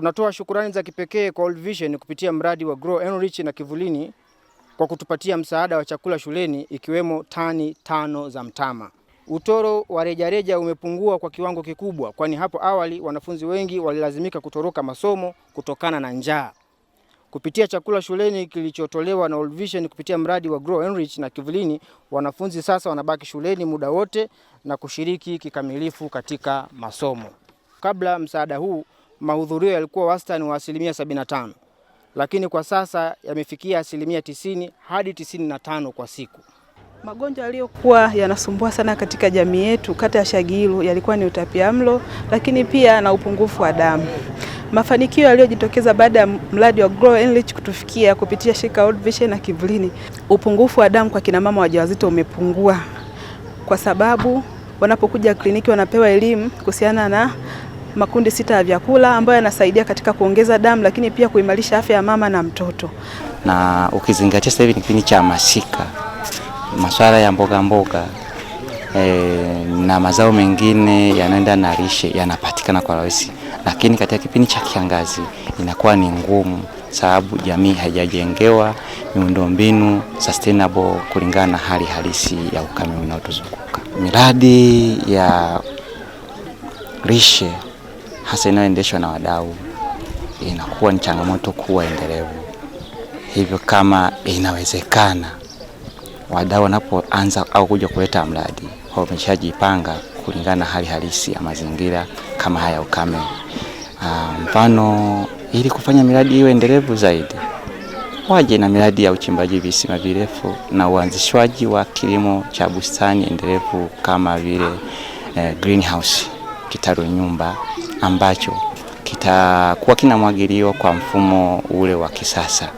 Tunatoa shukurani za kipekee kwa World Vision kupitia mradi wa Grow Enrich na Kivulini kwa kutupatia msaada wa chakula shuleni ikiwemo tani tano za mtama. Utoro wa rejareja umepungua kwa kiwango kikubwa, kwani hapo awali wanafunzi wengi walilazimika kutoroka masomo kutokana na njaa. Kupitia chakula shuleni kilichotolewa na World Vision kupitia mradi wa Grow Enrich na Kivulini, wanafunzi sasa wanabaki shuleni muda wote na kushiriki kikamilifu katika masomo. Kabla msaada huu mahudhurio yalikuwa wastani wa asilimia 75, lakini kwa sasa yamefikia asilimia 90 hadi 95 kwa siku. Magonjwa yaliyokuwa yanasumbua sana katika jamii yetu kata ya Shagilu yalikuwa ni utapiamlo, lakini pia na upungufu wa damu. Mafanikio yaliyojitokeza baada ya mradi wa Grow Enrich kutufikia kupitia shirika World Vision na Kivulini, upungufu wa damu kwa kina mama wajawazito umepungua kwa sababu wanapokuja kliniki wanapewa elimu kuhusiana na makundi sita ya vyakula ambayo yanasaidia katika kuongeza damu, lakini pia kuimarisha afya ya mama na mtoto. Na ukizingatia sasa hivi ni kipindi cha masika, masuala ya mboga mboga e, na mazao mengine yanaenda na lishe yanapatikana kwa rahisi, lakini katika kipindi cha kiangazi inakuwa ni ngumu sababu jamii haijajengewa miundombinu sustainable kulingana na hali halisi ya ukame unaotuzunguka. Miradi ya lishe hasa inayoendeshwa na wadau inakuwa ni changamoto kuwa endelevu. Hivyo kama inawezekana, wadau wanapoanza au kuja kuleta mradi wameshajipanga kulingana na hali halisi ya mazingira kama haya ukame. Ah, mfano um, ili kufanya miradi iwe endelevu zaidi, waje na miradi ya uchimbaji visima virefu na uanzishwaji wa kilimo cha bustani endelevu kama vile eh, greenhouse, kitaru nyumba ambacho kitakuwa kinamwagiliwa kwa mfumo ule wa kisasa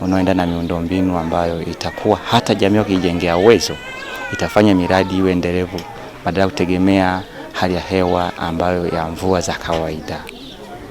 unaoenda na miundombinu ambayo itakuwa hata jamii wakijengea uwezo itafanya miradi iwe endelevu badala ya kutegemea hali ya hewa ambayo ya mvua za kawaida.